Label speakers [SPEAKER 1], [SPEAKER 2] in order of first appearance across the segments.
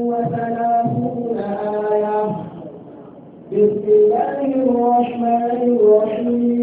[SPEAKER 1] وثلاثون آية بسم الله الرحمن الرحيم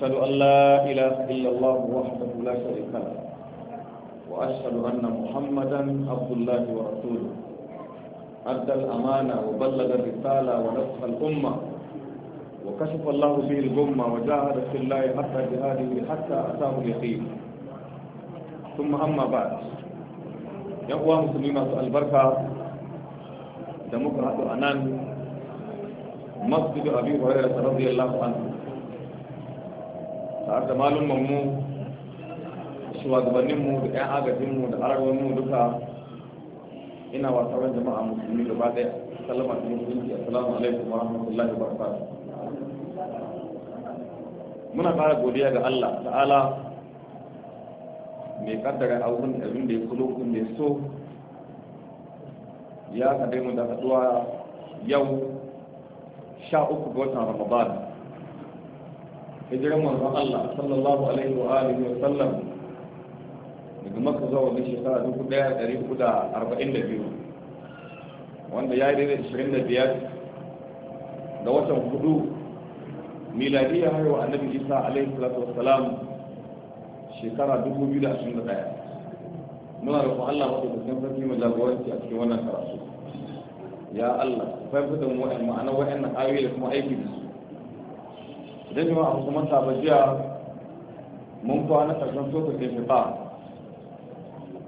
[SPEAKER 2] أشهد أن لا إله إلا الله وحده لا شريك له وأشهد أن محمدا عبد الله ورسوله أدى الأمانة وبلغ الرسالة ونصح الأمة وكشف الله به الغمة وجاهد في الله حتى جهاده حتى أتاه اليقين ثم أما بعد يقوى مسلمين البركة دمك هذا أنان مسجد أبي هريرة رضي الله عنه har da malummanmu mu da agajin agajinmu da ararwanmu duka ina wa jama'a musulmi gaba daya salama da musulunci assalamu alaikum wa rahmatullahi wa barakatuh muna fara godiya ga Allah ta'ala mai kaddara abubuwan abin da ya kulo kun da so ya kaɗai mu da haɗuwa yau sha uku ga watan ramadana hijiran manzon Allah sallallahu alaihi wa alihi wa sallam daga maka zuwa wani shekara dubu daya dari uku da arba'in da biyu wanda ya yi daidai ashirin da biyar da watan hudu miladiyya haihuwa annabi isa alaihi salatu wassalam shekara dubu biyu da ashirin da ɗaya, muna da Allah wato da sun sarki mu jagoranci a cikin wannan karatu ya Allah fahimta da mu ma'anar wa'annan ayoyi da kuma aiki da su idan jama'a ba kuma jiya mun kwana karshen sokar da fi ba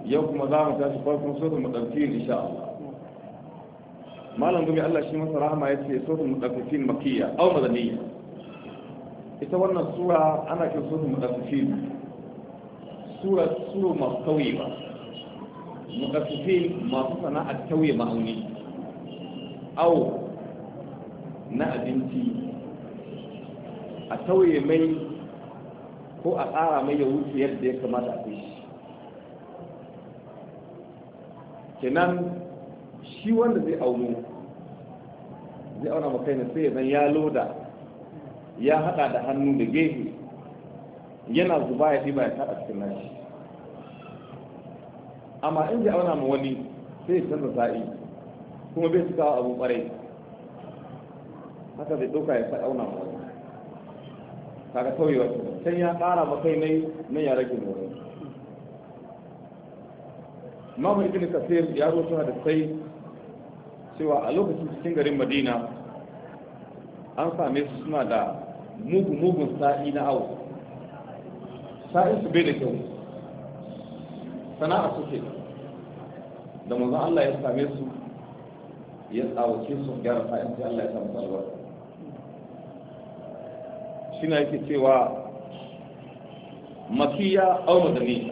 [SPEAKER 2] yau kuma za mu tashi farkon sokar mu ɗauki insha Allah malam gumi Allah shi masa rahama ya ce sokar mu ɗauki makiyya au madaniya ita wannan sura ana kin sokar mu ɗauki sura sura masu kauye ba muƙasifin masu sana'ar tauye ma'auni au na abinci a tauye mai ko a tsara mai ya wuce yadda ya kamata a fi shi kenan shi wanda zai auno zai auna ma na sai zan ya loda ya hada da hannu da gefe yana zuba ya ɗiba ya taɗa cikin nashi amma in zai auna ma wani sai ya canza sa'i kuma bai cikawa abu ɓarai haka zai ɗauka ya faɗa auna ma wani kaga tauyewa ke sai ya kara ba kai mai nan ya rage motsi mamu ibn kasir ya hada sai cewa a lokacin cikin garin madina an same su suna da mugun mugun sa'i na awo sa'i su bai da kyau sana'a suke da manzon Allah ya same su ya tsawace su gyara sa'in sai Allah ya samu albarka shine yake cewa makiya aw madaniya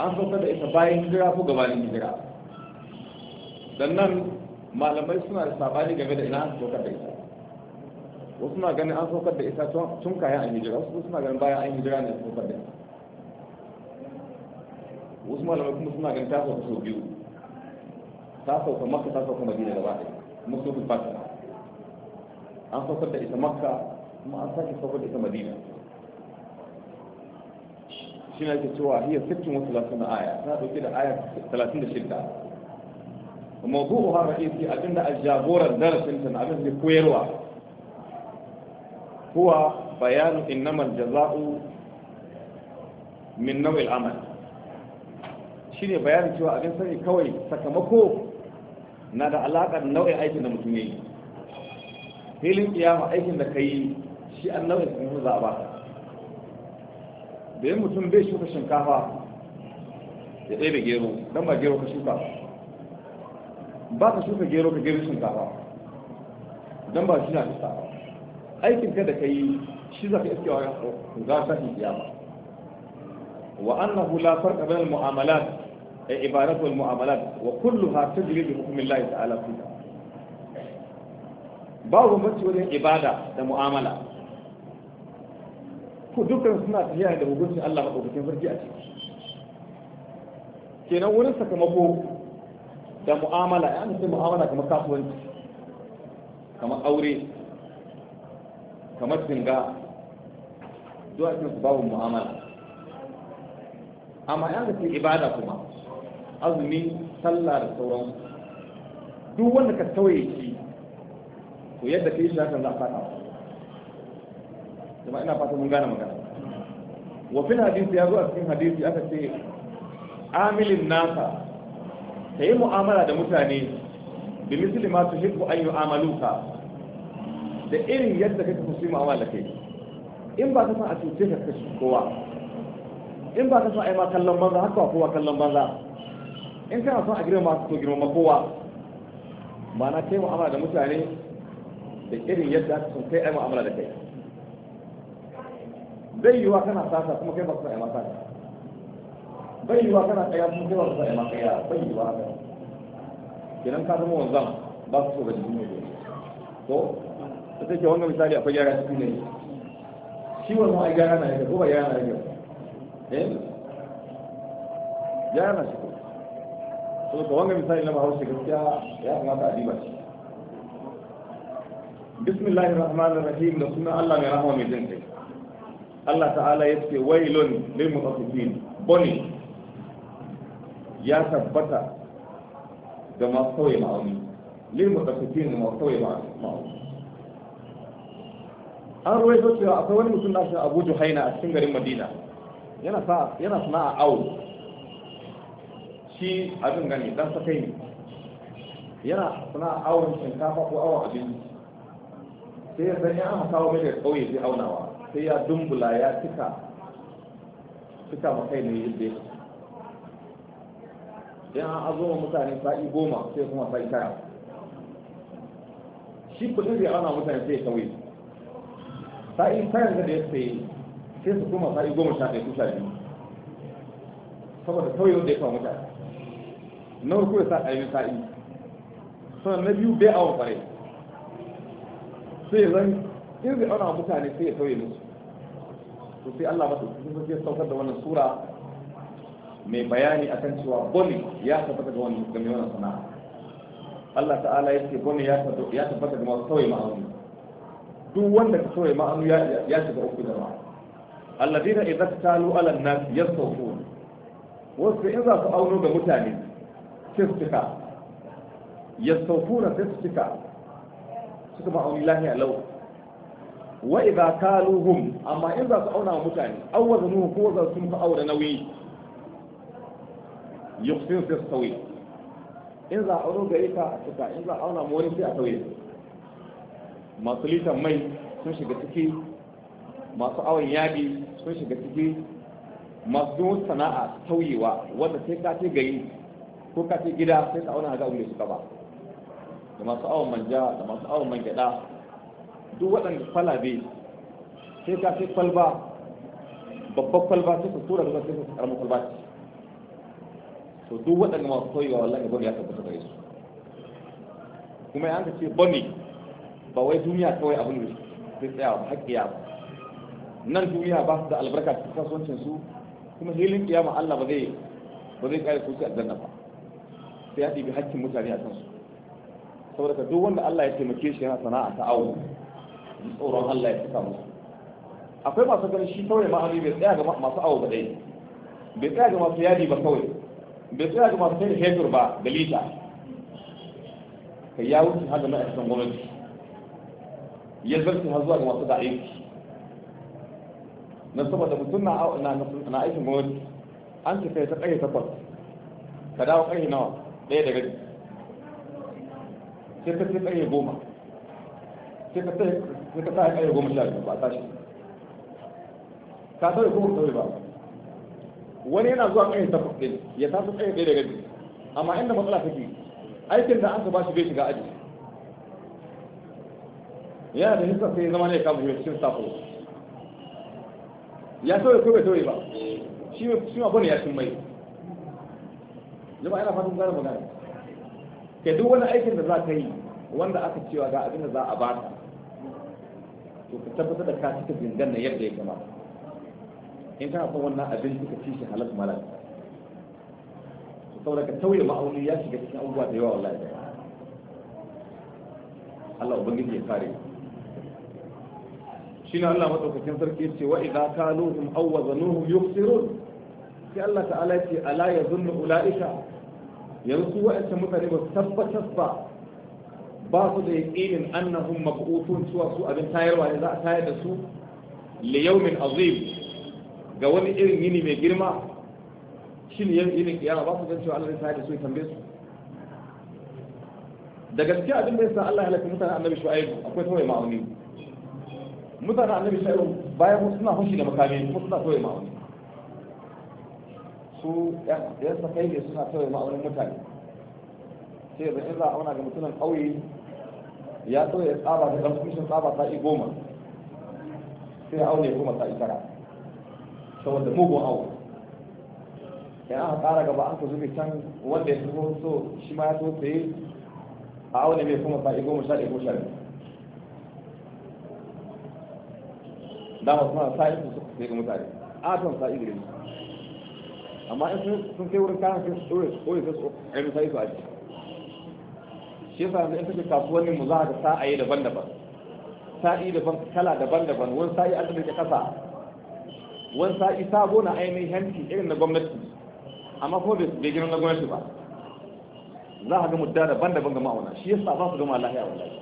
[SPEAKER 2] an saukar da ita bayan hijira ko gabanin hijira sannan malamai suna da sabani game da ina an saukar da ita wasu na ganin an saukar da ita tun kayan an hijira wasu suna ganin bayan an hijira ne saukar da ita wasu malamai kuma suna ganin ta sauka sau biyu ta sauka makka ta sauka madina gaba ɗaya kuma sun fi fata an saukar da ita makka kuma an sake saukar da ita madina shi na ke cewa hiyar sittin wasu lasu na aya ta dauke da aya talatin da shida mawdu'u ha ra'isi abinda a jagoran darasin ta na abin da koyarwa huwa bayanu innamal jaza'u min naw'il amal shine bayanin cewa abin sani kawai sakamako na da alaƙar nau'in aikin da mutum ya yi filin kiyama aikin da ka yi shi an nawa da a zaba? da yin mutum bai shuka shinkafa ya da gero don ba gero ka shuka ba ka shuka gero ka gero shinkafa don ba shi na fi sa'a aikin ka da ka yi shi za ka iske wa za ta fi ba. wa annahu la farqa bainal mu'amalat ay ibarat al mu'amalat wa kulluha tajri bi hukmillahi ta'ala fiha wa bambanci wajen ibada da mu'amala ko dukkan suna tafiya da hukuncin Allah madaukakin sarki a ciki kenan wurin sakamako da mu'amala ya ce mu'amala kamar kasuwanci kamar aure kamar singa zuwa cikin su babu mu'amala amma yan ce ibada kuma azumi sallah da sauran duk wanda ka tawaye shi to yadda ka yi shi haka za a kuma ina fata mun gane magana wa fil hadisi ya zo a cikin hadisi aka ce amilin nasa ka yi mu'amala da mutane bi misli ma su hibbu an yu'amaluka da irin yadda kake so su mu'amala kai in ba ka san a cuce ka kashi kowa in ba ka san a yi ma kallon banza haka wa kowa kallon banza in kana son a girma to girma kowa ma'ana kai mu'amala da mutane da irin yadda ka son kai ai mu'amala da kai bai yiwa kana sasa kuma kai baka sa'a maka bai yiwa kana tsaya kuma kai baka sa'a maka ya bai yiwa haka kenan ka zama wanzan ba su so ga jikin mai to ta take wannan misali akwai yara cikin ne
[SPEAKER 3] shi wannan ai yara na yake ko
[SPEAKER 2] ba yara na yake eh yara na shi so ga wannan misali na Bahaushe gaskiya ya kamata a diba shi bismillahir rahmanir rahim da sunan Allah mai rahama mai jin kai Allah ta'ala ya ce wailun lil mutaffifin boni ya tabbata ga masu sauye ma'auni lil mutaffifin ga masu sauye ma'auni an ruwaito cewa akwai wani mutum nashi Abu Juhaina a cikin garin Madina yana sa yana sana'a au shi abin gani dan sakai ne yana sana'a awon shinkafa ko awon abinci sai ya sanya an kawo mai da kauye zai aunawa sai ya dumbula ya cika cika makai ne yadda in an azo ma mutane sa'i goma sai kuma sa'i tara shi kudin zai ana mutane sai ya kawai sa'i tara da ya sai sai su kuma sa'i goma sha ɗaya sha biyu saboda kawai wanda ya kawo mutane na farko ya sa ƙaramin sa'i sannan na biyu bai awon ƙwarai sai ya zan in zai ana mutane sai ya sauye musu to sai Allah ba su ya saukar da wannan sura mai bayani akan cewa boni ya tabbata ga wani game wannan sana'a Allah ta'ala ya ce boni ya tabbata ga masu sauye ma'auni duk wanda ka sauye ma'auni ya shiga uku da ma alladina idza talu ala an-nas yasawfun wasu in za su auno ga mutane sai su cika yasawfuna sai su cika suka ma'auni lahiya lau wa idza kaluhum amma in za su auna wa mutane aw wazanuhu ko za su musu auna nauyi yuqsin fi sawi in za auno gari ka a cika in za auna mu wani sai a sauye masu litan mai sun shiga ciki masu awon yadi sun shiga ciki masu sana'a tauyewa wanda sai ka ce gari ko ka ce gida sai ka auna ga abin da suka ba da masu awon manja da masu awon man gyada duk waɗanda kwalabe sai ka sai kwalba babban kwalba sai ku tura gaba sai ku karamin kwalba ce to duk waɗanda masu koyewa wallahi bane ya tabbata gare su kuma ya ce bane ba wai duniya kawai abin da sai tsaya ba haƙƙiya ba nan duniya ba su da albarka cikin kasuwancin su kuma hilin kiyama Allah ba zai ba zai kare su sai aljanna ba sai ya ɗibi haƙƙin mutane a kansu saboda duk wanda Allah ya taimake shi yana sana'a ta awo tsoron Allah ya saka musu akwai masu ganin shi kawai ma'ami bai tsaya ga masu awo ba dai bai tsaya ga masu yadi ba kawai bai tsaya ga masu sayar hetur ba da lita kai ya wuce har da ma'aikatan gwamnati ya zarce har zuwa ga masu da aiki na saboda mutum na aikin gwamnati an ce kai ta ƙarfe takwas ka dawo ƙarfe nawa ɗaya daga sai ka sai ƙarfe goma sai ka sai sai ka sa ya goma sha biyu ba tashi ka sauya kuma sauya ba wani yana zuwa kayan takwas ɗin ya taso tsaye ɗaya daga biyu, amma inda matsala take aikin da an ka shi bai shiga aji yana da nisa sai zama ne ya kama shi cikin safo ya sauya ko bai sauya ba shi ma bane ya cin mai jama'a yana fatan gane magana ke duk wani aikin da za ka yi wanda aka cewa ga abin da za a ta. to ka tabbatar da ka cika zingan na yadda ya kamata in kana son wannan abinci ka ci shi halal malal saboda ka tauye ma'auni ya shiga cikin abubuwa da yawa wallahi da Allah ubangiji ya kare Shi shine Allah madaukakin sarki yace wa idza kaluhum aw wazanuhum yukhsirun sai Allah ta'ala ce ala yazunnu ulaika yanzu wa'anta mutane ba tabbatar ba ba su da yaqinin annahum mab'uthun suwa su abin tayarwa ne za a tayar da su li yawmin azim ga wani irin yini mai girma shine yini kiyama ba su gancewa Allah zai tayar da su ya tambaye su da gaske abin da yasa Allah ya halaka mutanen annabi shu'aib akwai tawaye ma'auni mutanen annabi shu'aib bayan wasu suna hushi da makami kuma suna tawaye ma'auni su yasa kai ne suna tawaye ma'aunin mutane sai da in za a auna ga mutumin ƙauye ya so ya tsaba da ɗan kushin tsaba sa'i goma sai ya aure goma tara saboda mugun awo ya aka ƙara gaba an ka zube can wanda ya so so shi ma ya so a aure mai kuma sa'i goma sha ɗaya ko sha biyu dama suna sa'i su ga mutane a ton sa'i amma in sun kai wurin kayan su ɗore su su shi yasa yanzu in kake kasuwannin mu za ka sa'ayi daban-daban sa'i daban kala daban-daban wani sa'i an da kasa wani sa'i sabo na ainihin hanci irin na gwamnati amma kuma bai gina na gwamnati ba za ka ga mudda daban-daban ga ma'auna shi yasa ba su gama lahiya wallahi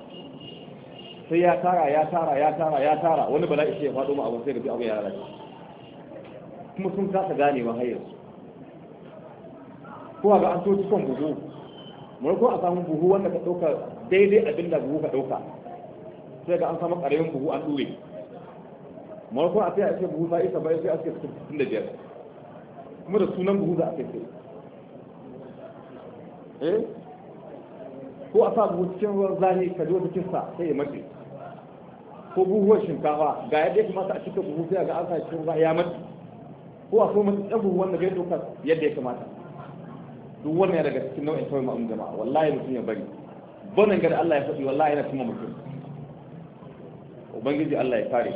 [SPEAKER 2] sai ya tara ya tara ya tara ya tara wani bala'i shi ya faɗo mu abin sai da abin ya lalace kuma sun kasa ganewa har yanzu ko ga an so cikon buhu mai ko a samu buhu wanda ka ɗauka daidai abin da buhu ka ɗauka sai ga an samu ƙaramin buhu an ɗure mai ko a sai a ce buhu sa'i bai sai a ce sittin da biyar kuma da sunan buhu za a kai sai
[SPEAKER 3] eh ko a
[SPEAKER 2] sa buhu cikin ruwan zani ka ji wata kissa sai ya mace ko buhuwar shinkafa ga yadda ya kamata a cika buhu sai ga an sa cikin ruwa ya mace ko a so mace ɗan buhu wanda bai ɗauka yadda ya kamata duk wannan daga cikin nau'in kawai ma'amun jama'a wallahi mutum ya bari bonan gada Allah ya faɗi wallahi yana kuma mutum ubangiji Allah ya kare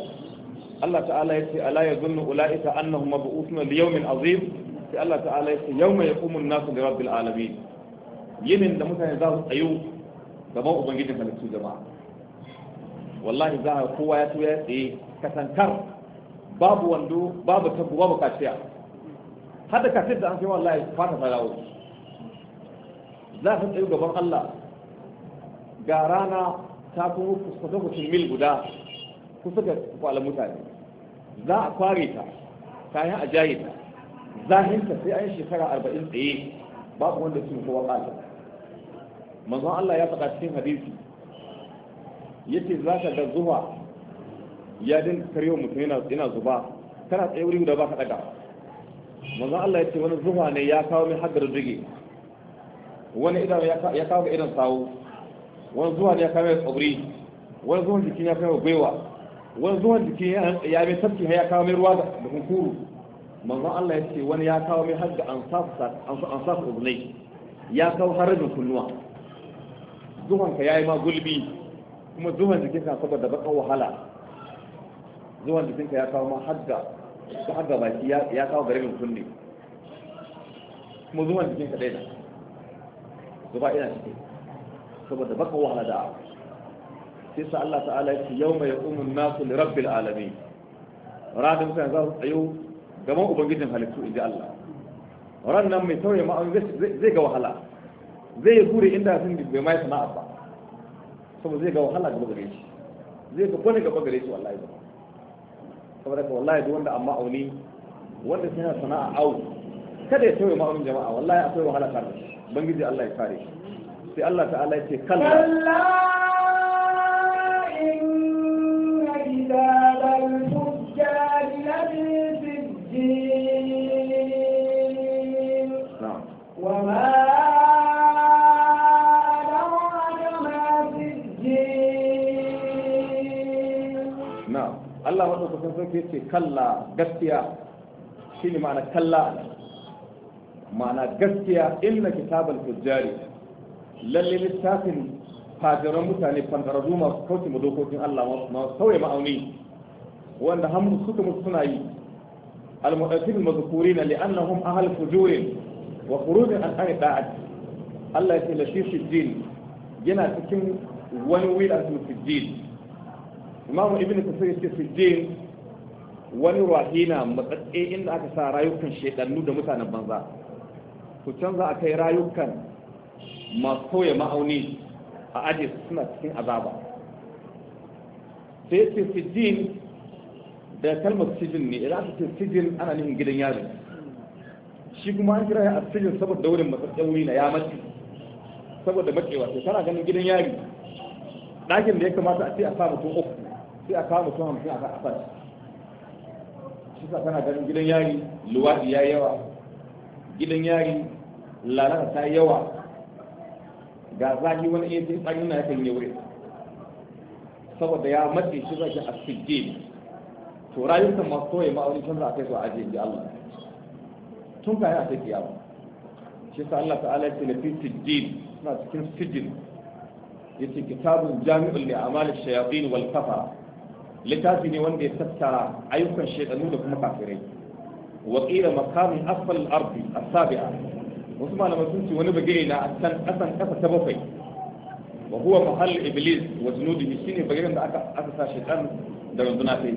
[SPEAKER 2] Allah ta'ala ya ce ala yazunnu ulaika annahum mab'uthuna li yawmin azim sai Allah ta'ala ya ce yawma yaqumu an-nasu li rabbil alamin yinin da mutane za su tsayo gaban ubangijin halittu jama'a wallahi za a kowa ya tuya tsaye kasankar babu wando babu tabbu babu kaciya Hada kafin kaciyar da an kai wallahi fata ta dawo za ta tsayu gaban Allah ga rana ta kuma kusa kusa mil guda kusa ga kwalan mutane za a kware ta kayan a jaye ta zahinta sai an shekara arba'in tsaye babu wanda su kowa ƙasa manzon Allah ya faɗa cikin hadisi ce za ka ga zuwa ya din karyo mutum yana zuba kana tsaye wuri guda ba ka ɗaga manzon Allah ya ce wani zuwa ne ya kawo min haddar jirgin wani idan ya kama idan sawu wani zuwan ya kama tsabri wani zuwan jikin ya kama gwiwa wani zuwan jikin ya mai tafki ya kama mai ruwa da kunkuru manzon Allah ya ce wani ya kawo mai hadda an safu ubnai ya kawo harajin kunnuwa zuwanka ya yi ma gulbi kuma zuwan ka saboda bakan wahala zuwan jikinka ya kawo ma hadda ta hadda baki ya kawo garibin kunne kuma zuwan jikinka daidai gaba ina cikin saboda baka wahala da abu sai sa Allah ta'ala ya ce yau mai umun nasu li rabbil alami ranar mutane za su tsayo gaban ubangijin halittu inji Allah ran nan mai sauye ma'auni zai ga wahala zai yi hure inda sun bai mai sana'a ba saboda zai ga wahala gaba gare shi zai ga kone gaba gare shi wallahi ba saboda ka wallahi duk wanda amma auni wanda suna sana'a au kada ya sauye ma'aunin jama'a wallahi akwai wahala kan shi ubangiji Allah ya kare shi sai Allah ta'ala ya ce kalla
[SPEAKER 1] inna kitab al-fujjar lafi sijjin wa ma
[SPEAKER 2] Allah wanda kusan sauke ce kalla gaskiya shi ne ma'ana kalla a nan ma'ana gaskiya inna kitabal fujjari lalle littafin fajiran mutane fantararru masu kauce mu dokokin Allah masu sauya ma'auni wanda hannu suka mutu suna yi al-mu'tasim mazkurina li'annahum ahal fujurin wa khurujin an ani da'at Allah ya ce lashishu din yana cikin wani wila su sijjin imamu ibnu kasir yace sijjin wani rahina matsatse inda aka sa rayukan shedannu da mutanen banza ku canza a kai rayukan masu koya ma'auni a aji suna cikin azaba sai ce sijin da kalmar sijin ne idan aka ce sijin ana nihin gidan yari shi kuma an kira a sijin saboda wurin matsatsen wuri na ya mace saboda makewa sai tana ganin gidan yari ɗakin da ya kamata a ce a samu tun uku sai a samu tun hamsin a sa shi sa tana ganin gidan yari luwaɗi ya yawa gidan yari lalata ta yawa ga zafi wani iya jin tsanina ya kan yi wuri saboda ya matse shi zaki a sijjin to rayuka masu soye ma'aunin canza a kai su a ajiye ji Allah tun kayan a kai kiyama shi sa Allah ta'ala ya ce lafi sijjin suna cikin sijjin yace kitabun jami'ul li amali shayatin wal kafara littafi ne wanda ya tattara ayyukan shaytanu da kuma kafirai wa qila maqamun asfal al-ardi as-sabi'a wasu malamai sun ce wani bagire na a can kasan kasa ta bakwai wa huwa mahal iblis wa junudihi shine bagiren da aka aka sa shaytan da runduna sai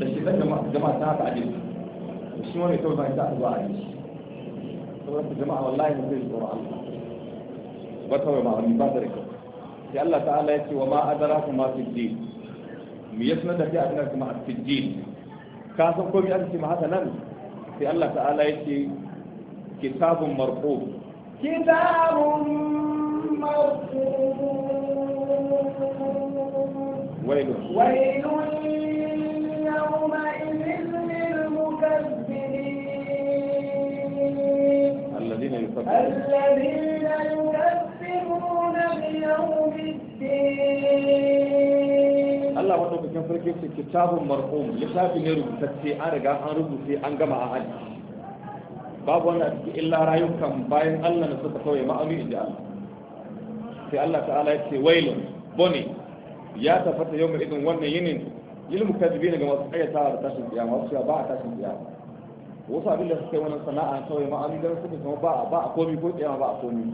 [SPEAKER 2] da shi dan jama'a ta haka ajin shi wani to zai ta zuwa ajin saboda jama'a wallahi mun zai tsoro Allah ba ta ma wani ba da rika sai Allah ta'ala ya ce wa ma adraka ma fi din mu yasna da fi adraka ma fi din ka san komai aka ce ma haka nan sai Allah ta'ala ya ce كتاب مرقوم
[SPEAKER 1] كتاب مرقوم ويل ويل يومئذ للمكذبين الذين الذين يكذبون بيوم الدين الله
[SPEAKER 2] وضعك كتاب مرقوم لكتاب يرغب تتسي أرغب أن رغب في أنقمع عنه babu wani a cikin illa rayukan bayan Allah da suka kawai ma'auni in ji Allah
[SPEAKER 3] sai Allah ta'ala ya
[SPEAKER 2] ce Wailu, boni ya tafata yau mai wannan yinin ilmu kadibi daga masu kayyata da tashin kiyama wasu ba a tashin kiyama wasu abin da suka yi wannan sana'a kawai ma'auni don suka kuma ba ba a komi ko kiyama ba a komi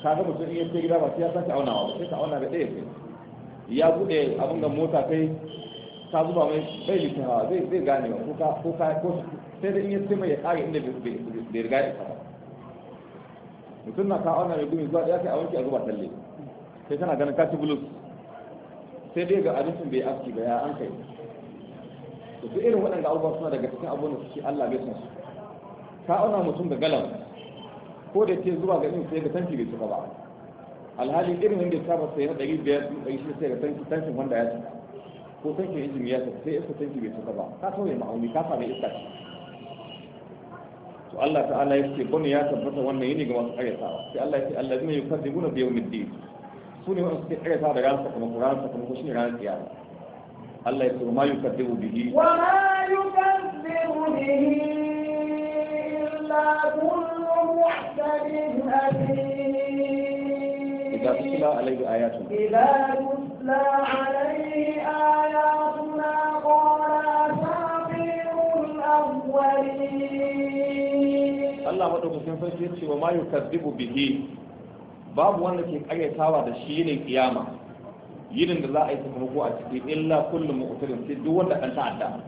[SPEAKER 2] Ka ga mutum in ya ce gida ba sai ya sake aunawa ba sai ka auna da ɗaya ce ya buɗe abin da mota kai ta zuba mai bai litin hawa zai gane ba ko ka ko sai da in ya sai mai ya kare inda bai riga ya fara mutum na ka auna mai gumi zuwa ya kai a wanki a zuba talle sai tana ganin kashi bulus sai dai ga abincin bai aski ba ya an kai da su irin waɗanda abubuwa suna daga cikin abubuwan da suke Allah bai san su ka auna mutum da galan ko da ke zuwa ga in sai ga tanki bai cika ba alhali irin wanda ya saba sai na ɗari biyar ɗari shi sai ga tanki tankin wanda ya cika ko tankin injin ya cika sai iska tanki bai cika ba ka sauya ma'auni ka sami iska ce Allah ta'ala ya ce bane ya tabbata wannan yini ga masu karyatawa sai Allah ya ce allazina yukadzibuna bi yawmiddin su ne wanda suke karyatawa da ranar sakamako ranar sakamako shine ranar Allah ya ce ma yukadzibu bihi wa
[SPEAKER 1] ma yukadzibu bihi illa kullu إذا تتلى عليه آياتنا إذا تتلى عليه آياتنا
[SPEAKER 2] Allah madaukakin sarki yace wa ma yukadzibu bihi babu wanda ke karyatawa da shi ne kiyama yinin da za a yi sakamako a ciki illa kullum mu'tadin sai duk wanda an ta'adda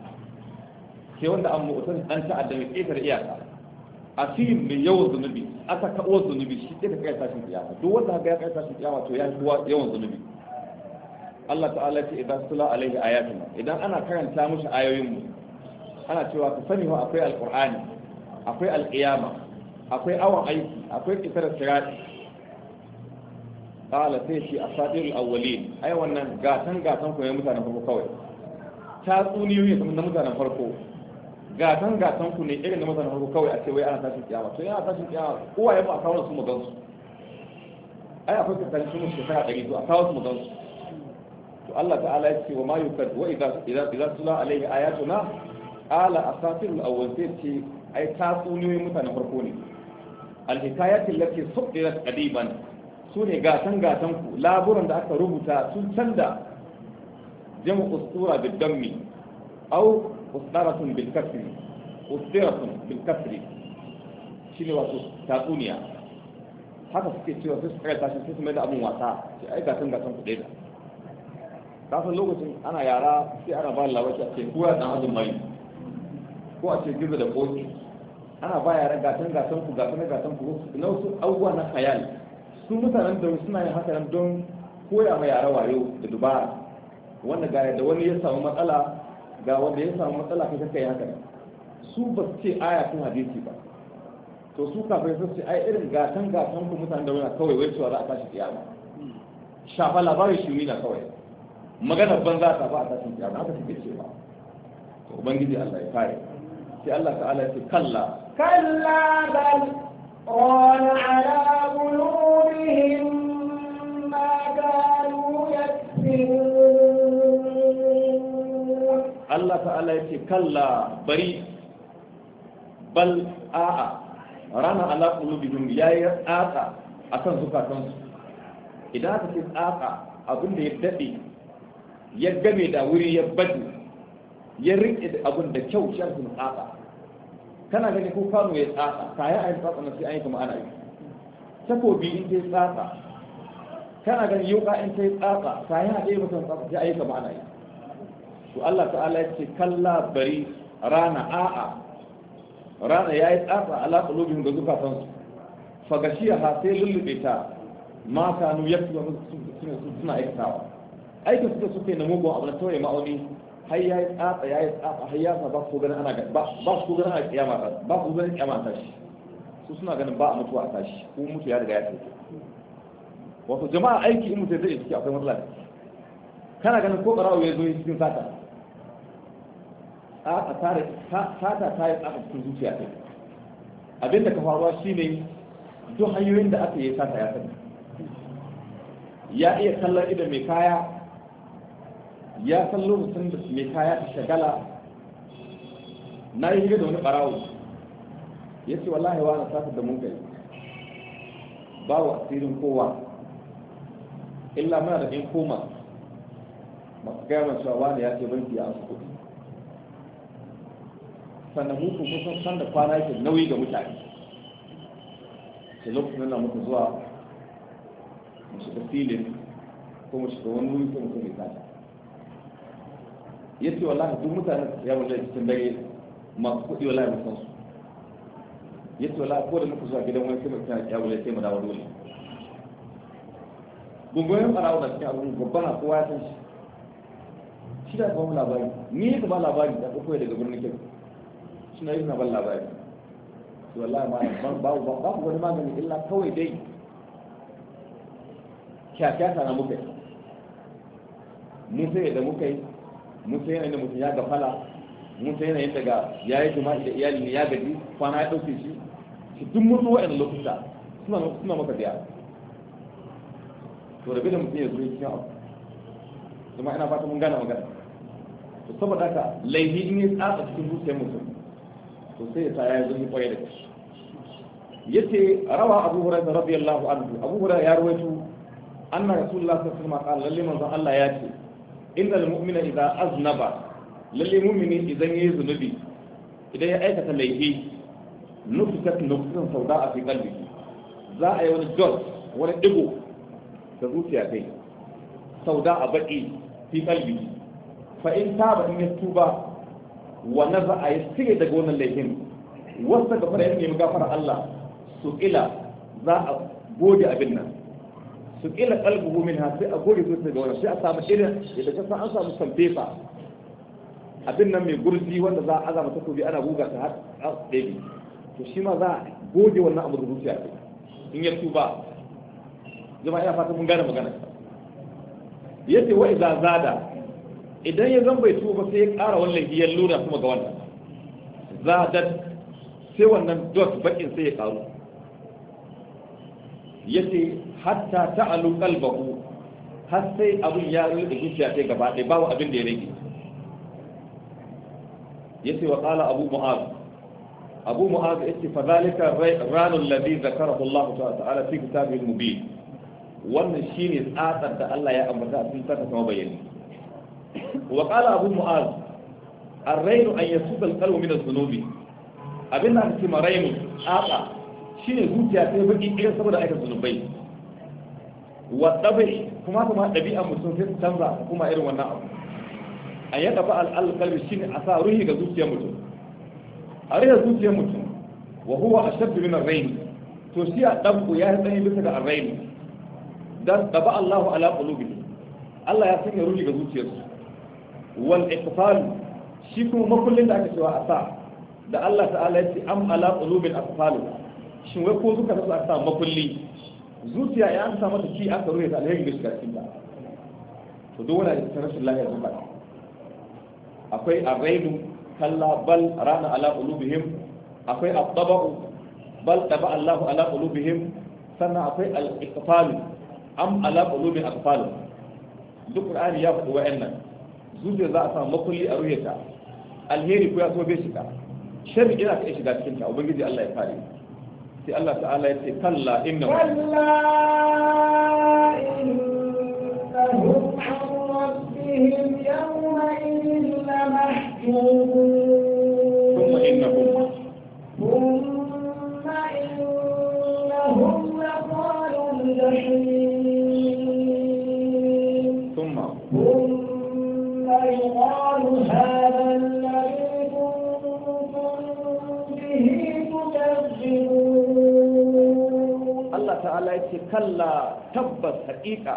[SPEAKER 2] sai wanda an mu'tadin an ta'adda mai ƙetar iyaka asirin mai yawan zunubi aka kawo zunubi shi sai ka karyata shi kiyama duk wanda ga ya karyata shi kiyama to ya kuwa yawan zunubi Allah ta'ala ce idan sula alaihi ayatuna idan ana karanta mushi ayoyin mu ana cewa ka sani wa akwai alqur'ani akwai alƙiyama akwai awon aiki akwai kisar sirati ƙala sai shi asatirul awwalin ai wannan gatan gatan ku ne mutanen farko kawai ta tsuniyoyi kuma na mutanen farko gatan gatan ku ne irin na mutanen farko kawai a ce wai ana tashin kiyama to yana tashin kiyama kowa ya ba a kawo su mu gansu ai akwai kasar su mu shekara ɗari to a kawo su mu gansu to Allah ta'ala ya ce wa ma yukad wa idza idza idza tula alaihi ayatuna qala asatirul awwalin sai ce ai tatsuniyoyin mutanen farko ne alhikayatin lafi subdirat kadiban su ne gatan gatan ku laburan da aka rubuta sun canza jamu ustura da dammi aw ustaratun bil kasri ustiratun bil kasri shine wato tatsuniya haka suke cewa sai su suka tashi sai su mai da abin wasa sai ai gatan gatan ku da kafin lokacin ana yara sai ana ba labarci a ce kuwa hajji mai, ko a ce gizo da kotu. ana ba yaran gasan gasan ku gasan gasan ku na wasu abubuwa na hayal su mutanen da suna yin haka don koya ma yara wayo da dubara wanda ga da wani ya samu matsala ga wanda ya samu matsala kai kai haka su ba su ce aya sun hadisi ba to su kafin sun ce ai irin gasan gasan ku mutanen da wani kawai wai cewa za a tashi kiyama shafa labarin shi na kawai magana banza ta ba a tashin kiyama haka suke cewa to ubangiji Allah ya kare sai Allah ta'ala ce kalla
[SPEAKER 1] kalla bal qala ala qulubihim ma kanu yaksibun
[SPEAKER 2] Allah ta'ala ce kalla bari bal a'a rana ala qulubihim yayi tsatsa akan su idan aka ce a'a abin da ya dade ya game da wuri ya bade ya rike da abin da kyau sharfin tsatsa kana gani ko kano ya tsatsa ka a yi tsatsa na sai an yi kama ana yi takobi in ta yi tsatsa kana gani ka in ta yi tsatsa yi haɗe ba san tsatsa sai an yi kama ana yi to Allah ta'ala ya ce kalla bari rana a'a rana ya yi tsatsa ala kulubin ga zukatansu fagashiya ha sai lullube ta ma kanu yaktuba suna aikatawa aikin suka suke na mugun abu na tauye ma'auni har ya yi tsatsa ya yi tsatsa har ya sa ba su ganin ana ba su ganin ana kiyama ta ba su ganin kiyama ta shi su suna ganin ba a mutuwa a tashi ko mutu ya riga ya tafi wato jama'a aiki in mutum zai ciki akwai matsala kana ganin ko barawo ya zo cikin sata a tare sata ta yi tsaka cikin zuciya ta abinda ka faruwa shine duk hanyoyin da aka yi sata ya sani ya iya kallon idan mai kaya ya san lokacin da mai kaya ta shagala na yi hira da wani barawo ya ce wallahi wa na sata da mun kai wa asirin kowa illa mana da in koma masu gaya mai shawa ne ya ce banki ya amsa kuɗi sannan hukun kusan san da kwana yake nauyi ga mutane ke lokacin nan muka zuwa mu shiga filin ko mu shiga wani wuri ko mu mai mai ya ce wallahi duk mutanen su ya wajen cikin dare masu kuɗi wallahi mun san su ya ce wallahi ko da muka zuwa gidan wani kuma mutum ya wajen sai mu dawo dole gungoyin farawa da cikin abubuwan babban a ya san shi shi da ba mu labari ni ka ba labari da kuma daga birnin kyau shi na yi na ban labari to wallahi ma ban babu ba ku wani magani illa kawai dai kyakkyata na muka yi mun sai da muka yi mun san yanayin da mutum ya gafala mun san yanayin daga ya yi jima'i da iyali ne ya gaji kwana ya ɗauke shi su duk mutu wa'annan lokuta suna maka biya to rabe da mutum ya zo cikin abu kuma ina fata mun gane magana to saboda haka laifi in ya tsatsa cikin zuciyar mutum to sai ya sa ya zo kwaye da shi yace rawa abu hurairah radiyallahu anhu abu hurairah ya rawaito anna rasulullah sallallahu alaihi wasallam qala lillahi manzo Allah ya ce innal mu'mina idza aznaba lalle mu'mini idan ya yi zunubi idan ya aikata laifi nufikat nufikan sauda a fi kalbi za a yi wani jot wani digo da zuciya kai sauda a baki fi kalbi fa in ta ba in ya tuba wa za a yi sige daga wannan laifin wasu daga fara yin nemi gafara Allah su ila za a gode abin nan su kila kalbuhu ha sai a gori zuwa daga wannan sai a samu irin da ta san an samu sanfefa abin nan mai gurji wanda za a azama takobi ana guga ta har ɗaya to shi ma za a goge wannan abu da zuciya in ya tuba jama'a ina fata mun gane magana ce wa idza zada idan ya zan bai tuba sai ya ƙara wannan hiyar lura kuma ga wannan zadat sai wannan dot bakin sai ya karu. Ya ce. hatta ta ta'alu qalbahu har sai abin ya rubuta zuciya ta gaba ɗaya babu abin da ya rage yace wa qala abu mu'az abu mu'az yace fa zalika ranul ladhi zakarahu Allah ta'ala fi kitabihi al-mubin wannan ne tsatsar da Allah ya ambata a cikin tsaka kuma bayani wa qala abu mu'az ar-rayn an yasuba al-qalbu min adh abin da ake cewa rainu, tsatsa shine zuciya ta yi baki ɗaya saboda aikata zunubai Waɗabe kuma kuma ɗabi'a mutum sai su canza kuma irin wannan abu a ya tafi al'alƙalbi shi ne a sa ruhi ga zuciyar mutum a ruhi zuciyar mutum wa huwa a shabbi min arraini to shi a ɗab'u ya yi tsanyi bisa ga arraini dan ɗaba Allahu ala qulubi Allah ya sanya ruhi ga zuciyarsu wal iqfal shi kuma makullin da aka cewa a sa da Allah ta'ala ya ce am ala qulubil aqfal shin wai ko suka sa makulli zuciya ya an samu ki ci aka ruwa da alheri da shiga cikin ta to duk wani da rashin lafiya zuba akwai arraidu kalla bal rana ala qulubihim akwai at-taba'u bal taba Allah ala qulubihim sannan akwai al-iqfal am ala qulubi aqfal duk qur'ani ya faɗi wa'annan zuciya za a samu makulli a ruwa ta alheri ko ya so bai shiga sharri ina ka shiga cikin ta ubangiji Allah ya fare sai Allah ta'ala ya ce kalla inna
[SPEAKER 1] kalla innahum an rabbihim yawma idin lamahjubun
[SPEAKER 2] kalla tabbas haƙiƙa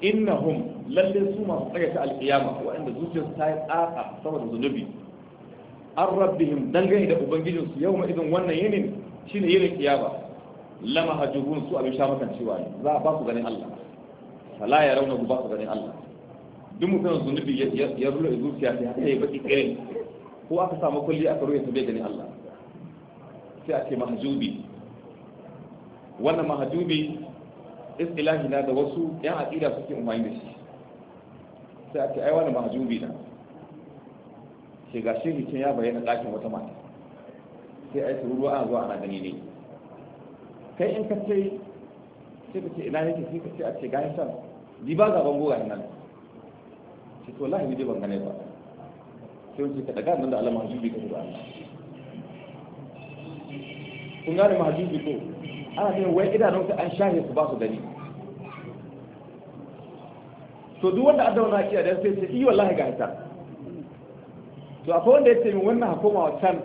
[SPEAKER 2] innahum lalle su masu tsagata alƙiyama waɗanda zuciyarsu ta yi tsaka saboda zunubi an rabbihim dangane da ubangijinsu yau ma idan wannan yinin shine yinin kiyama lama hajjuhun su abin sha makancewa ne za ba su ganin Allah fala ya rauna ba su ganin Allah duk mutum zunubi ya rula zuciya sai haka yi baƙi ƙirin ko aka samu kulli aka ruwa ta bai ganin Allah sai a ce mahjubi wannan mahajubi istilahi na da wasu yan aqida suke umarni da shi sai ake ai wannan mahajubi na ga shi hikin ya bayyana ɗakin wata mata sai ai ruwa a zuwa ana gani ne kai in ka ce sai ka ce ina yake sai ka ce a ce gani san di ba gaban goga nan sai to lahi ne ban gane ba sai wuce ka daga nan da alama hajjubi ka zuwa kun gane mahajubi ko ana ne wai idanun an shafe su ba su gani to duk wanda adda wannan akida dan sai sai iya wallahi ga hita to akwai wanda ya ce min wannan hukuma can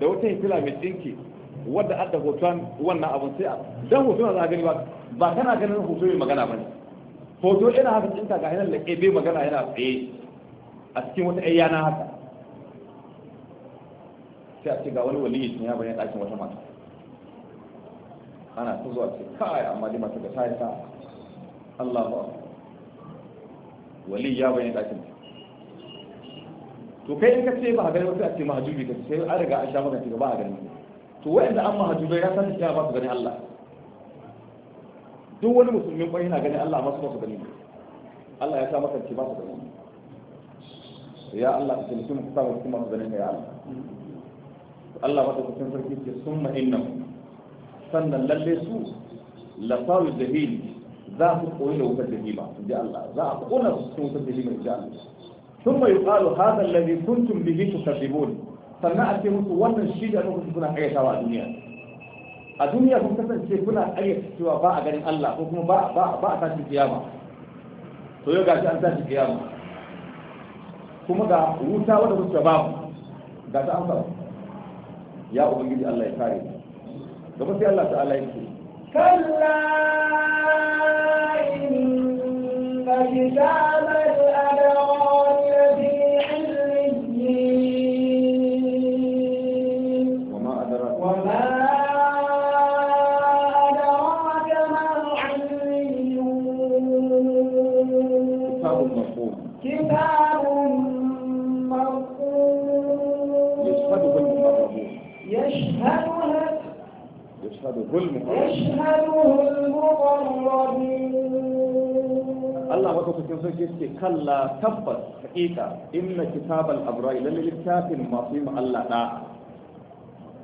[SPEAKER 2] da wata hitila mai dinki wadda adda hoton wannan abun sai a dan hoton za a gani ba ba kana ganin hoton mai magana bane hoto ina haka tsinka ga hinan laƙe bai magana yana tsaye a cikin wata ayyana haka sai a ce ga wani waliyi ne ya bayyana ɗakin wata mata ana ta zuwa ce kai amma dai mata ga ta yi sa'a Allahu akbar wali ya bayyana ɗakin. to kai in ka ce ba a gani wasu a ce mahajubi ka sai an riga an sha maka shiga ba a gani to wa'anda an mahajubai ya san cewa ba su gani Allah duk wani musulmin kwai yana gani Allah masu ba su gani Allah ya sa maka ce ba su gani ya Allah ka tilisi mu ka sa mu kuma su gani ya Allah Allah ba ta kusan sarki ce summa innahu sannan lalle su lafawi jahil za su koyi da wutar jahima in ji Allah za a kona su cikin wutar jahima in ji Allah sun mai yuƙalu hadha alladhi kuntum bihi tukadibun sannan a ce musu wannan shi da kuka suna kayyatawa a duniya a duniya sun kasance suna kayyata cewa ba a ganin Allah ko kuma ba ba ba a tashi kiyama to yau gashi an tashi kiyama kuma ga wuta wadda kuka babu ga ta an ya ubangiji Allah ya kare gaba sai Allah ta'ala yake
[SPEAKER 1] kalla in ka المقربون الله
[SPEAKER 2] وقت كنسان كيسكي كلا تبت حقيقة إن كتاب الأبرار للي الكاتب المعصيم الله لا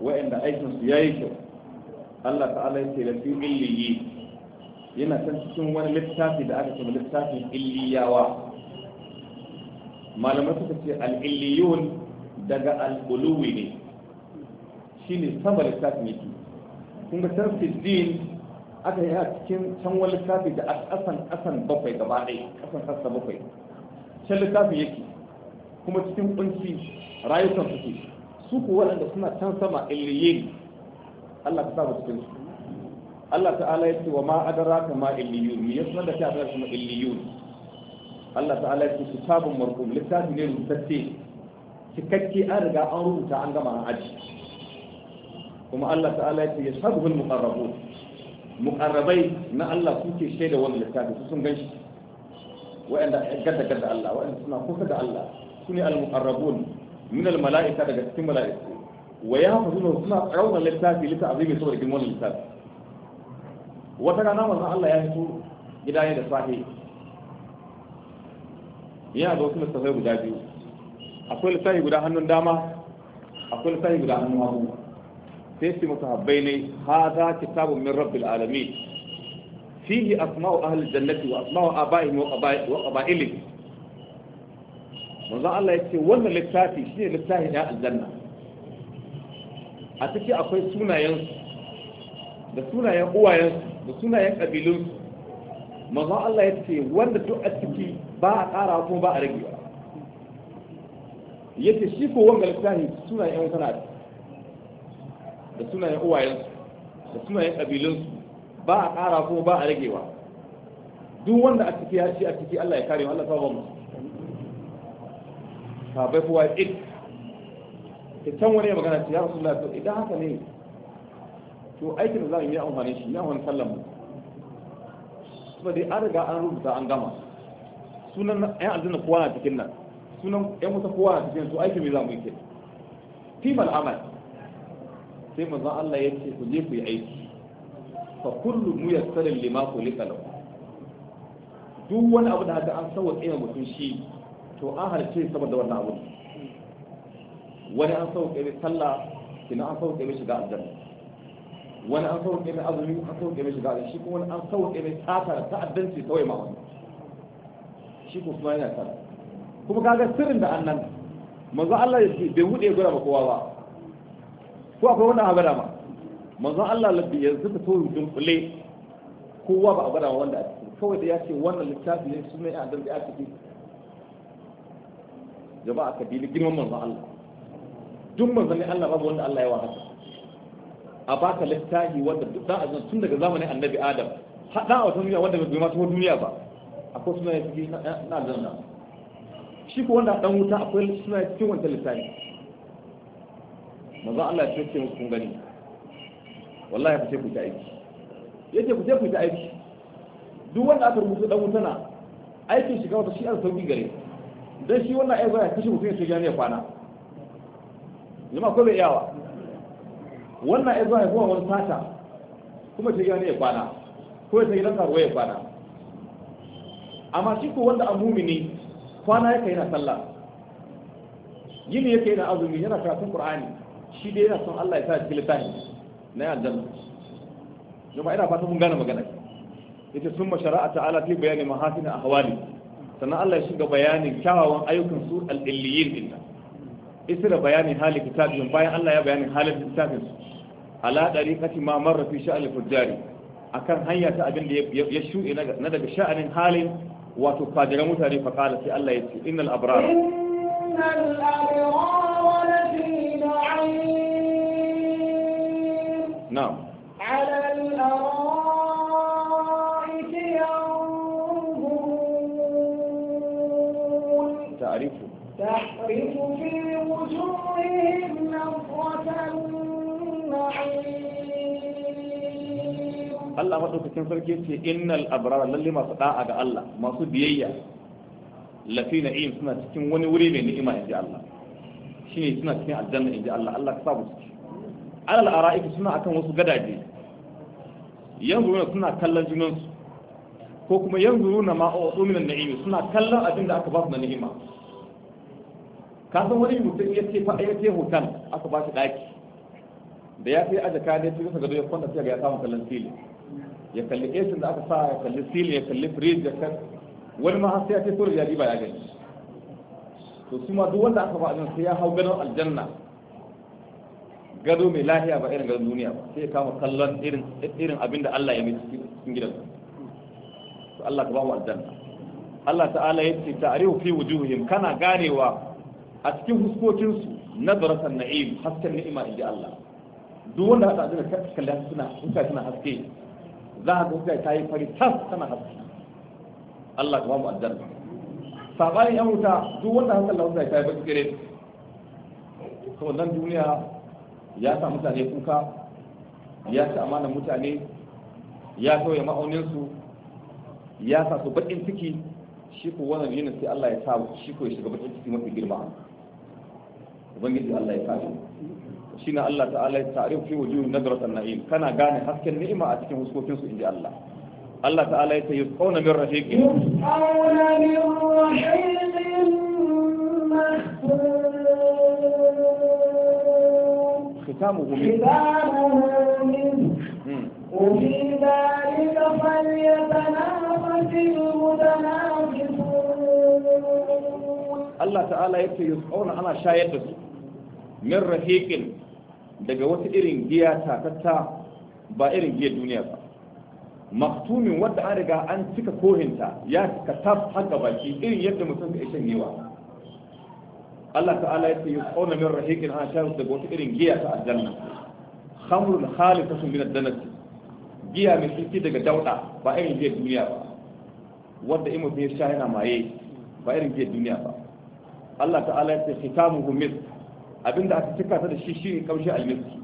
[SPEAKER 2] وإن أيكم سيايكم الله تعالى يتلفي إليين yana san cikin wani littafi da aka cewa littafin illiyawa malamai suka ce al'illiyun daga al'uluwi ne shi ne sama littafin yake kun ga san fiddin aka yi a cikin can wani littafi da asan asan bakwai gaba ɗaya asan ƙasa bakwai can littafin yake kuma cikin ƙunci rayukan suke su ku waɗanda suna can sama illiyin Allah ta saba cikin su Allah ta'ala ya ce wa ma ka ma illiyun me yasa da ta kuma illiyun Allah ta'ala ya ce kitabun marqum littafi ne rubutacce cikakke an riga an rubuta an gama an aji kuma Allah ta'ala ya ce ya sabu bil muqarrabu muqarrabai na Allah ke shaida wannan littafi su sun ganshi wa'anda gadda gadda Allah wa'anda suna kusa da Allah sune al muqarrabun min al mala'ika daga cikin mala'iku wa yahfazuna suna tsawon littafi lita azimi saboda girman littafi wata rana manzon Allah ya fito gida ne da safe yana da wasu littafai guda biyu akwai littafi guda hannun dama akwai littafi guda hannun hagu sai su mutahabbai ne ki kitabun min rabbil alamin fihi asma'u ahli jannati wa asma'u aba'ihim wa qaba'ilihim manzo Allah ya ce wannan littafi shi ne littafin ya aljanna a ciki akwai sunayen da sunayen uwayen da sunayen kabilun manzo Allah ya ce wanda duk a ciki ba a ƙara kuma ba a rage yace shi ko wanga littafi sunayen kana da sunayen uwayensu da sunayen ƙabilunsu ba a ƙara kuma ba a ragewa duk wanda a ciki ya ce a ciki Allah ya kare mu Allah ya kawo mu bai kuwa it ta can wani magana ce ya rasu lafiya idan haka ne to aikin da za mu yi amfani shi ya wani sallan mu kuma dai an riga an rubuta an gama sunan ƴan aljanna kowa na cikin nan sunan ƴan wuta kowa na cikin su aikin me za mu yi ke timal amal sai manzon Allah ya ce ku je ku yi aiki fa kullu muyassarin lima kulika lau. duk wani abu da haka an sawa tsaye mutum shi to an halice saboda wannan abu wani an sawa tsaye sallah kina an sawa tsaye shiga aljanna wani an sawa tsaye azumi an sawa tsaye shiga aljanna shi kuma wani an sawa tsaye tata ta addanci kawai ma wani shi ko kuma yana tara kuma kaga sirrin da annan manzo Allah ya ce bai hude gura ba kowa ba ko akwai wanda aka gada ma manzon Allah labbi yanzu ka tohu dunkule kowa ba a gada wanda a cikin kawai da ya ce wannan littafi ne sunan ya a da ya cikin jama'a ka dili girman manzon Allah duk manzon Allah babu wanda Allah ya wa a baka littafi wanda duk a zan tun daga zamanin annabi Adam hada a wata duniya wanda bai ma ta duniya ba akwai sunan ya ciki na aljanna shi ko wanda dan wuta akwai sunan cikin wannan littafi manzon Allah ya ce musu kun gani wallahi ku ce ku ta aiki yace ku je ku ta aiki duk wanda aka rubuta dan wutana aikin shiga wata shi an sauki gare dan shi wannan aiki ya kashe mutum ya soja ne kwana jama'a ko bai yawa. wannan aiki ya kuma wani sata kuma ta gane ya kwana ko ta gidan karuwa ya kwana amma shi ko wanda an mumini kwana yake yana sallah yini yake yana azumi yana karatun qur'ani shi dai yana son Allah ya sa cikin littafin na yan aljanna jama'a ina fata mun gane magana sun summa shara'a ta'ala fi bayani mahasin ahwali sannan Allah ya shiga bayanin kyawawan ayyukan su al-illiyin din isa da bayanin halin kitabin bayan Allah ya bayanin halin kitabin su ala dariqati ma mara fi sha'al fujjari akan hanya ta abin da ya shuɗe na daga sha'anin halin wato fajiran mutane fa qala sai Allah ya ce innal abrar
[SPEAKER 1] innal abrar نعم على الأرائك ينظرون تعرف تحرف في وجوههم نظرة النعيم
[SPEAKER 2] Allah madaukakin sarki ce innal abrara lalle masu da'a ga Allah masu biyayya lafi na'im suna cikin wani wuri mai ni'ima inji Allah shine suna cikin aljanna inji Allah Allah ka sa mu ciki alal ara'iki suna akan wasu gadaje yanzuruna suna kallon junansu ko kuma yanzuruna ma a minan na'imi suna kallon abin da aka ba su na ni'ima ka wani mutum ya ce fa'a ya ce hotel aka ba shi daki da ya sai aje kayan sai bisa gado ya kwanta sai ya samu kallon fili ya kalli esin da aka sa ya kalli fili ya kalli fridge ya kalli wani ma sai ya ce sura ya ba ya gani to su ma duk wanda aka ba a sai ya hau ganin aljanna gado mai lahiya ba irin gadon duniya ba sai ya kama kallon irin irin abin da Allah ya mai cikin gidan to Allah ka ba mu aljanna Allah ta'ala ya ce ta'rifu fi wujuhihim kana ganewa a cikin huskokin su nadratan na'im hasken ni'ima inji Allah duk wanda hada da kalli suna huska suna haske za ka huska ta yi fari tas tana haske Allah ka ba mu aljanna sabanin yan wuta duk wanda hankali huska ta yi fari kire to nan duniya ya sa mutane kuka ya sa amanar mutane ya sauya ma'auninsu ya sa su baƙin ciki shi ko wannan yinin sai Allah ya sa shi ko shiga baƙin ciki mafi girma ubangiji Allah ya sa shi Allah ta'ala ya ta'arif fi wujuhi nadrat an-na'im kana gane hasken ni'ima a cikin huskokin su inji Allah Allah ta'ala ya sayi qawna min rahiqin
[SPEAKER 1] qawna min rahiqin mahfuz ختامه مسك وفي ذلك فليتنافس المتنافسون
[SPEAKER 2] الله تعالى يكفي يسعون أنا شايف من رهيق daga wata irin giya takatta ba irin giya duniya ba maktumin wadda an riga an cika kohinta ya cika taf haka baki irin yadda mutum ka ishe yawa Allah ta'ala ya ce yusqawna min rahikin ana sharu daga wata irin giya ta aljanna khamrul sun bi na danas giya mai tsiki daga dauda ba irin giya duniya ba wanda in mutum ya sha yana maye ba irin giya duniya ba Allah ta'ala ya ce khitamuhu misk abinda aka cika ta da shi shine kamshi al-miski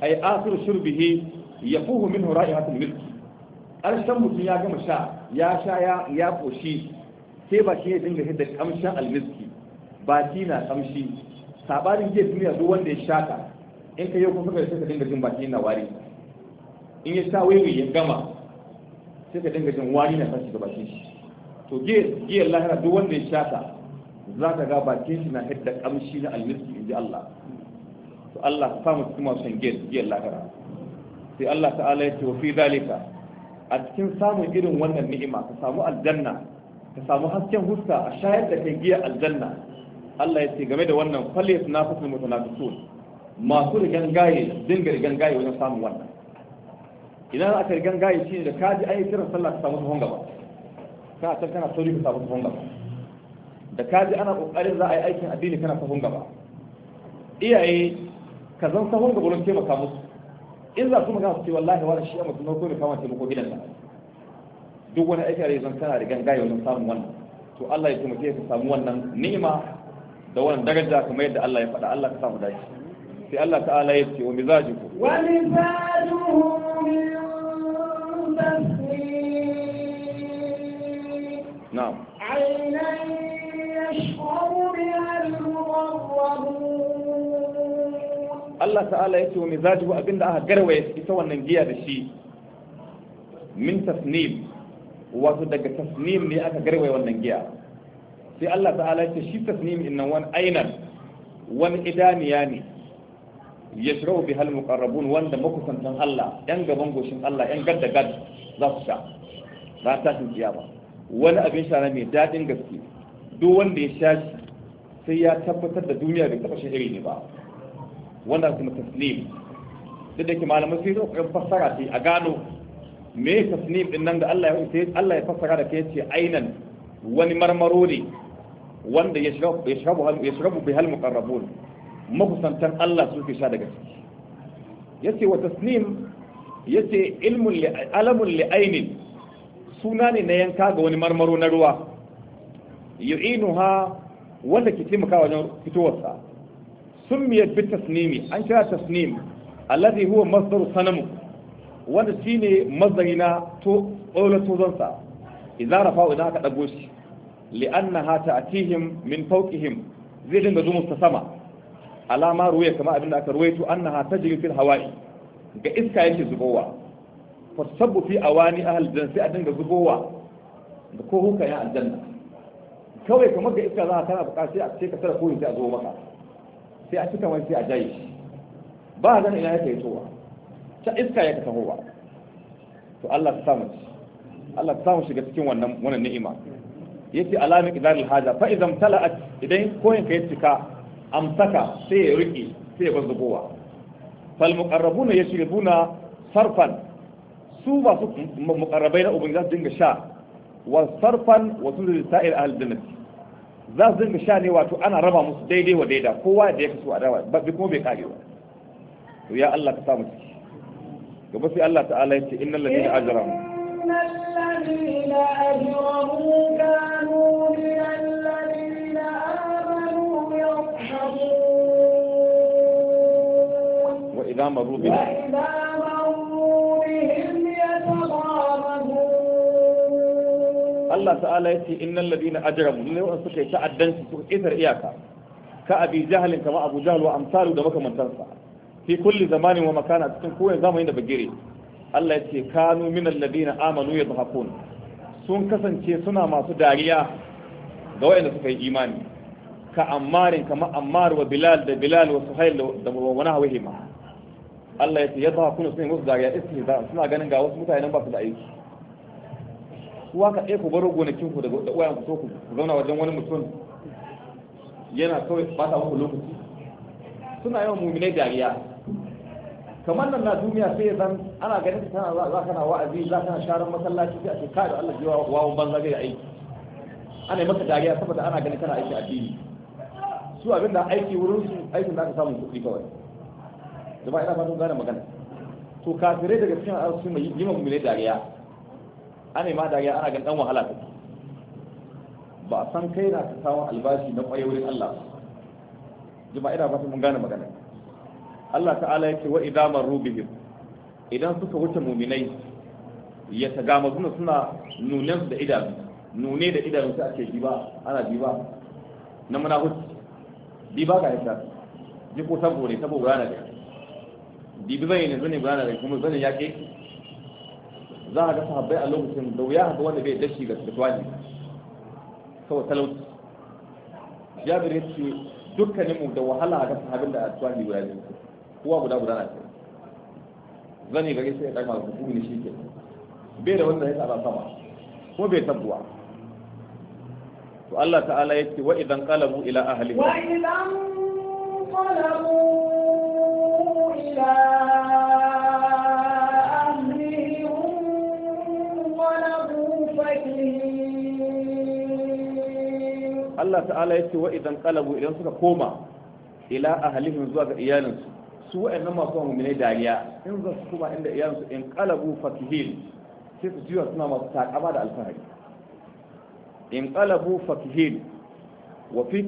[SPEAKER 2] ay akhiru shurbihi yafuhu minhu ra'ihatul miski ƙarshen mutum ya gama sha ya sha ya koshi sai ba shi ya dinga hidda kamshin al baki na kamshi sabarin jiya duniya duk wanda ya shaka in ka yau kuma sai ka dinga jin baki na wari in ya sha wewe ya gama sai ka dinga jin wari na tashi da bakin shi to giyar lahira duk wanda ya shaka za ka ga bakin shi na hidda kamshi na almiski in ji Allah to Allah ka samu cikin masu giyar lahira sai Allah ta'ala ya ce wa fi zalika a cikin samun irin wannan ni'ima ka samu aljanna ka samu hasken huska a shayar da kai giyar aljanna Allah ya ce game da wannan falis na na mutanafisun masu rigan gaye dinga rigan gaye wajen samun wannan idan aka rigan gaye shi da kaji an yi kiran sallah ka samu tuhon gaba ka can kana sauri ka samu tuhon gaba da kaji ana kokarin za a yi aikin addini kana tuhon gaba iyaye ka zan tuhon gaba don taimaka musu in za su magana su ce wallahi wani shi a mutum na kone kama taimako gidan nan duk wani aiki a zan kana rigan gaye wajen samun wannan to Allah ya taimake ka samu wannan ni'ima da wannan daraja kamar yadda Allah ya faɗa Allah ka samu dace sai Allah ta'ala ya ce wa mizajuhu
[SPEAKER 1] wa mizajuhu min tasdiq na'am aynan yashqabu biha al-muqarrabun
[SPEAKER 2] Allah ta'ala ya ce wa mizajuhu abinda aka garwaye ita wannan giya da shi min tasnim wato daga tasnim ne aka garwaye wannan giya sai Allah ta'ala ce shi tasnim innan wani ainan wani idaniya ne ya shirau bi hal muqarrabun wanda makusantan Allah yan gaban goshin Allah yan gadda gad za su sha ba ta shi ba wani abin sha mai dadin gaske duk wanda ya sha shi sai ya tabbatar da duniya bai taba shi iri ne ba wanda kuma tasnim duk da ke malamai sai zo kan fassara sai a gano me tasnim din nan da Allah ya Allah ya fassara da kai ce ainan wani marmaro ne wanda ya shirabu bi hal muqarrabun makusantan Allah suke sha daga ciki yace wa tasnim yace ce alamun li suna ne na yanka ga wani marmaro na ruwa yu'inuha wanda ke taimaka wajen fitowarsa sun miyar bi tasnimi an kira tasnim alladhi huwa masdaru sanamu wanda shine mazdari na to tsola tozonsa idan rafa'u idan aka dago shi li'annaha ta'tihim min fawqihim zai dinga zo musta sama alama ruwaya kama abin da aka ruwaito annaha tajri fil hawa'i ga iska yake zubowa fa sabbu fi awani ahli janna sai a dinga zubowa da ko huka ya aljanna kawai kamar ga iska za ka kana buƙatar sai a ce ka tara koyin sai a zo maka sai a cika wani sai a jaye shi ba zan ina yake towa ta iska yake tahowa to Allah ta samu Allah ta samu shiga cikin wannan wannan ni'ima yace alami idaril haja fa idan tala'at idan koyin ka cika amsaka sai ya rike sai ya bazzubowa fal muqarrabuna yashribuna sarfan su ba su muqarrabai na ubangiji za su dinga sha wa sarfan wa sun sa'ir ahlul jannati za su dinga sha ne wato ana raba musu daidai wa daida kowa da ya kaso a dawa ba kuma bai kare ba to ya Allah ka mu ciki gaba sai Allah ta'ala ya ce innal ladina ajramu
[SPEAKER 1] وإذا مروا بهم
[SPEAKER 2] وإذا مروا بهم الله تعالى يتي إن الذين أجرموا لن يؤمن سكي تعدن سكي إثر إياكا كأبي جهل كما أبو جهل وأمثاله دمك من تنسى في كل زمان ومكان أتكون كوين زمان بجري Allah ya ce kanu min alladina amanu yadhakun sun kasance suna masu dariya ga wayanda suka yi imani ka ammarin kama ammar wa bilal da bilal wa suhail da wani hawaye ma Allah ya ce yadhakun sun musu dariya istihza suna ganin ga wasu mutanen ba su da aiki kuwa ka ɗaya ku baro gonakin ku da wayan ku so ku zauna wajen wani mutum yana kawai ba ta muku lokaci suna yawan muminai dariya kamar nan na duniya sai ya zan ana ganin tana za kana wa'azi za kana sharan masallaci sai a ce kai da Allah wa wa banza zai aiki ana yi maka dariya saboda ana ganin kana aiki addini su abinda aiki wurin su aikin da aka samu kuɗi kawai jama'a ina fatan gane magana to kafirai daga cikin al'adu sun yi mu mummune dariya ana ma dariya ana ganin dan wahala ta ba a san kai na ka samu albashi na kwaye Allah jama'a ina fatan mun gane magana Allah ta'ala yake wa idamar rubihim idan suka wuce muminai ya tagamazuna suna nunen da idanu nune da idanu sai ake diba ana diba na muna huci diba ga yasa ji ko sabo ne sabo gurana da dibi bai ne zane gurana da kuma zane ya ke za a ga sahabbai a lokacin da wuya haka wanda bai dashi ga tsawani kawai talauci jabir ya ce dukkaninmu da wahala a ga sahabin da a tsawani guda biyu kowa guda guda na kai zani gari sai ya kama da hukumi shi ke bai da wanda ya tsara sama ko bai tabbuwa to Allah ta'ala ya ce wa idan qalabu ila
[SPEAKER 3] ahli wa idan
[SPEAKER 1] qalabu ila
[SPEAKER 2] Allah ta'ala ya ce wa idan qalabu idan suka koma ila ahlihim zuwa ga iyalinsu su wa'annan masu wa mummune dariya in za su kuma inda iyansu in kalabu fakihin sai su jiwa suna masu takama da alfahari in kalabu fakihin wa fi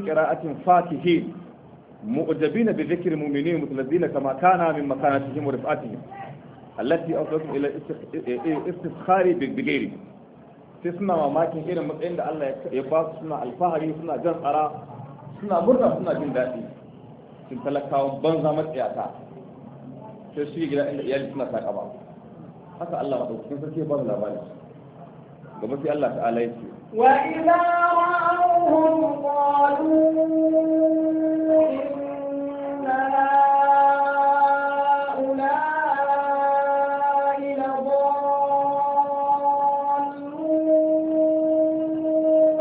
[SPEAKER 2] qira'atin fakihin mu'jabina bi dhikri mu'minin mutalazzina kama kana min makanatihim wa rif'atihim allati awsatu ila istifkhari bi ghairi sai suna mamakin irin matsayin da Allah ya ba su suna alfahari suna jan tsara suna murna suna jin daɗi cikin talakawan banza matsiyata sai shi gida inda iyali suna ta kaba haka Allah ma dauki sarki ya ba mu labari gaba sai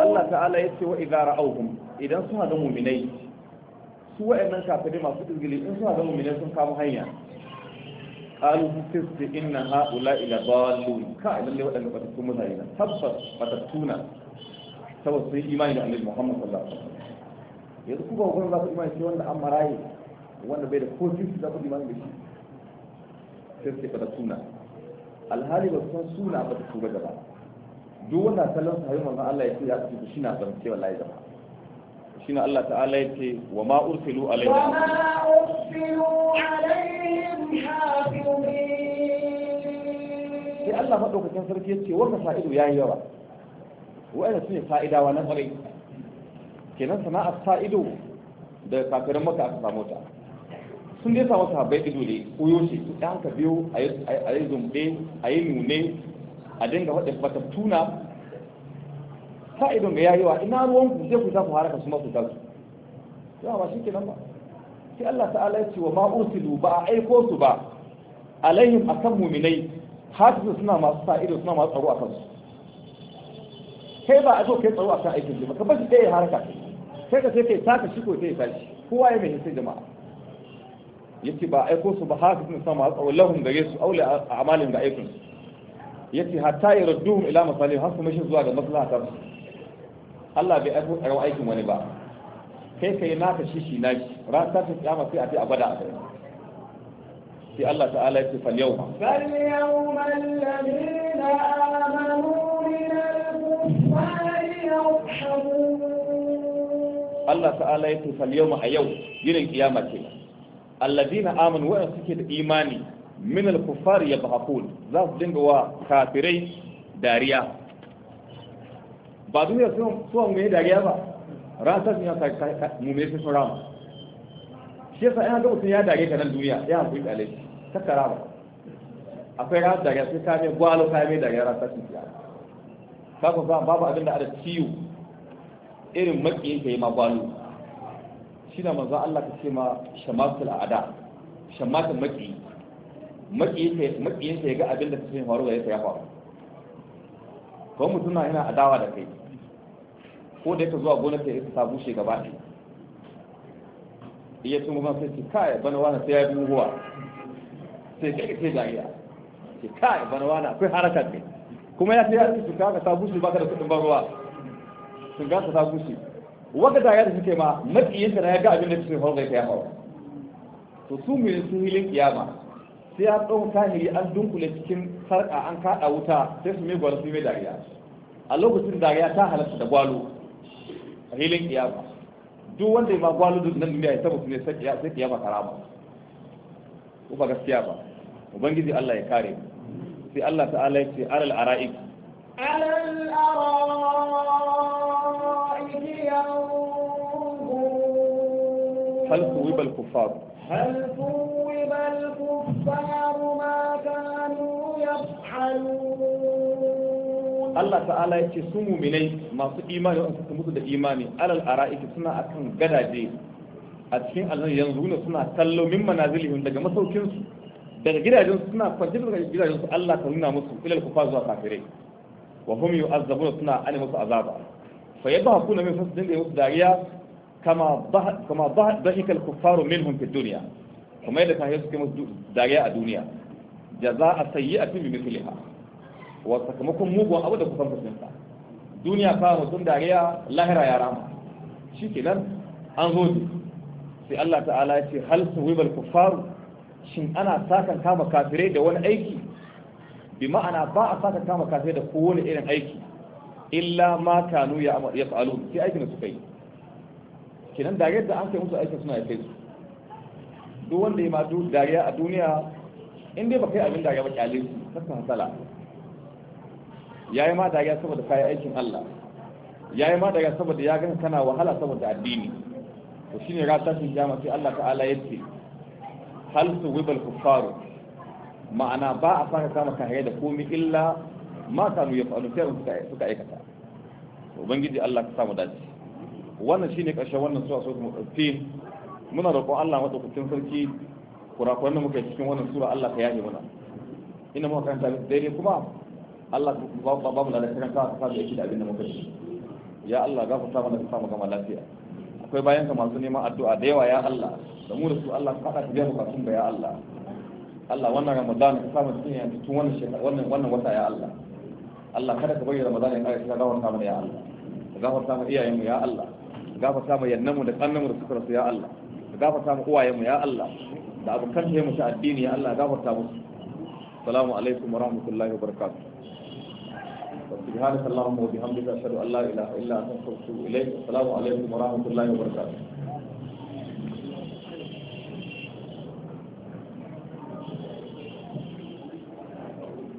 [SPEAKER 2] Allah ta'ala ya ce wa idza ra'awhum qalu inna ta'ala ya ce wa idza ra'awhum idan suna ga mu'minai su wa'annan kafiri masu izgili in suna da mummune sun kama hanya qalu in bi inna haula ila lori ka idan ne wadanda bata sun mutane na tabbas bata tuna saboda sun imani da Annabi Muhammad sallallahu alaihi wasallam yanzu ku ba ku za ku imani shi wanda an maraye wanda bai da ko jinsi za ku imani da shi sai sai bata tuna alhali ba san suna bata tuba da ba duk wanda sallan sahihin manzon Allah ya ce ya ce shi na zance wallahi jama'a na Allah ta'ala Ya wa ma ursilu wa ma
[SPEAKER 1] ursilu alaihim Allah sai Allah
[SPEAKER 2] madaukakin sarki ce wa fa'idu yayi yawa wa'ana sune fa'idawa na kwarai kenan sana'ar fa'ido da kafirin maka aka samu ta sun dai samu sahabbai ido ne koyo shi su ɗan ka biyo a yi zumbe a yi nune a dinga faɗin batattuna sa'idun ga yayiwa ina ruwan ku sai ku ta ku haraka su masu ku ta su yawa ba nan ba sai Allah ta'ala ya ce wa ma ba a aiko su ba alaihim akan mu'minai hafizu suna masu sa'ido suna masu tsaro akan su kai ba a zo kai tsaro akan aikin jima ka bashi ɗaya haraka Sai ka sai kai taka shi ko sai tashi kowa ya mai hisin jama'a yace ba aiko su ba hafizu suna masu tsaro lahum gare su aula a amalin ga aikin yace hatta yaradduhum ila masalih har su mashi zuwa ga maslaha ta su Allah bai aiko karɓar aikin wani ba kai kai naka shi shi naki ran ta ta kiyama sai a ce a gwada a kai sai Allah ta'ala ya ce fal yau fal yau
[SPEAKER 1] alladhina amanu min al-kuffari yawhamun
[SPEAKER 2] Allah ta'ala ya ce fal yau a yau yinin kiyama ce alladhina amanu wa suke da imani min al-kuffari yabhaqun za su dinga wa kafirai dariya ba duniya suwa mai ne dariya ba ran sashen ya mu ne sun rama shi yasa ina ga ya dare ka nan duniya ya hankali da alaihi ta karama akwai ran dariya sai ka mai gwalo ka mai dariya ran sashen ya kafin ba babu abin da ada ciwo irin makiyin ka yi ma gwalo shi na manzo Allah ka ce ma shamatul a'ada shamatul maki makiyin ka ya ga abin da ce faruwa ya faru kawai mutum na yana adawa da kai ko da yake zuwa gonar ta ta bushe gaba ɗaya iya sun goma sai ce kai bana wani sai ya yi ruwa sai kai sai iya ce kai bana wani akwai harakar ne kuma ya tsaya su ka ta bushe baka da kudin barwa sun gasa ta bushe wanda da ya suke ma matsiyinka na ya ga abin da suke hauka ya hawa to su mu su hilin kiyama sai ya tsawon tahiri an dunkule cikin sarƙa an kaɗa wuta sai su mai gwara su mai dariya a lokacin dariya ta halatta da gwalo a hilin kiyama duk wanda ya ma duk nan duniya ya tabbata ne sai kiyama karama ko ba gaskiya ba ubangiji Allah ya kare sai Allah ta'ala ya ce alal ara'ik
[SPEAKER 1] alal ara'ik yanzur hal suwibal kuffar hal suwibal kuffar ma kanu yaf'alun Allah
[SPEAKER 2] ta'ala ya ce su muminai masu imani wanda suka mutu da imani alal ara'iki suna akan gadaje a cikin aljanna yanzu ne suna kallo min manazilihim daga masaukin su daga gidajen su suna kwance daga gidajen su Allah ta nuna musu ilal kufa zuwa kafire. wa hum yu'azzabuna suna ani musu azaba fa yadhakuna min fasdin da musu dariya kama kama dhahikal kuffaru minhum fid dunya kuma yadda kafirai suke musu dariya a duniya jaza'a sayyi'atin bi mithliha wa sakamakon mugun abu da kusan fushinsa duniya fa mutum dariya lahira ya rama shi kenan an zo sai Allah ta'ala ya ce hal suwibal kuffaru shin ana sakan kama kafirai da wani aiki bi ma'ana ba a sakan kama kafirai da kowane irin aiki illa ma kanu ya fa'alu sai aikin da suka yi kenan dariyar da an kai musu aikin suna ya kai su duk wanda ya ma dariya a duniya in dai ba kai abin dariya ba kyale su kasan sala ya yi ma dariya saboda kayan aikin Allah ya yi ma dariya saboda ya gani kana wahala saboda addini to shi ne rata shi jama sai Allah ta'ala ya ce halittu su wibal ma'ana ba a fara kama kare da komi illa ma kanu ya fa'alu sai suka aikata ubangiji Allah ka samu dace wannan shine karshen wannan suwa su mutsatsi muna roƙon Allah matsakutun sarki kurakuran da muka yi cikin wannan sura Allah ka yaje mana ina muka karanta daidai kuma Allah ba ba mu lalace kan ka samu yake da abin da muka ci ya Allah ta mana ka samu gama lafiya akwai bayan ka masu neman addu'a da yawa ya Allah da mu da su Allah ka ka biya mu ka ga ya Allah Allah wannan Ramadan ka samu cikin yanzu tun wannan shekara wannan wannan wata ya Allah Allah kada ka bayyana Ramadan ya ka ga wannan mana ya Allah ka gafarta mana iyayen mu ya Allah ga gafarta samu yannan mu da kannan mu da suka rasu ya Allah ka gafarta mana uwayen mu ya Allah da abokan mu ta addini ya Allah gafarta musu assalamu alaikum warahmatullahi wabarakatuh سبحانك اللهم وبحمدك أشهد أن لا إله إلا أنت أستغفرك إليك السلام عليكم ورحمة الله
[SPEAKER 3] وبركاته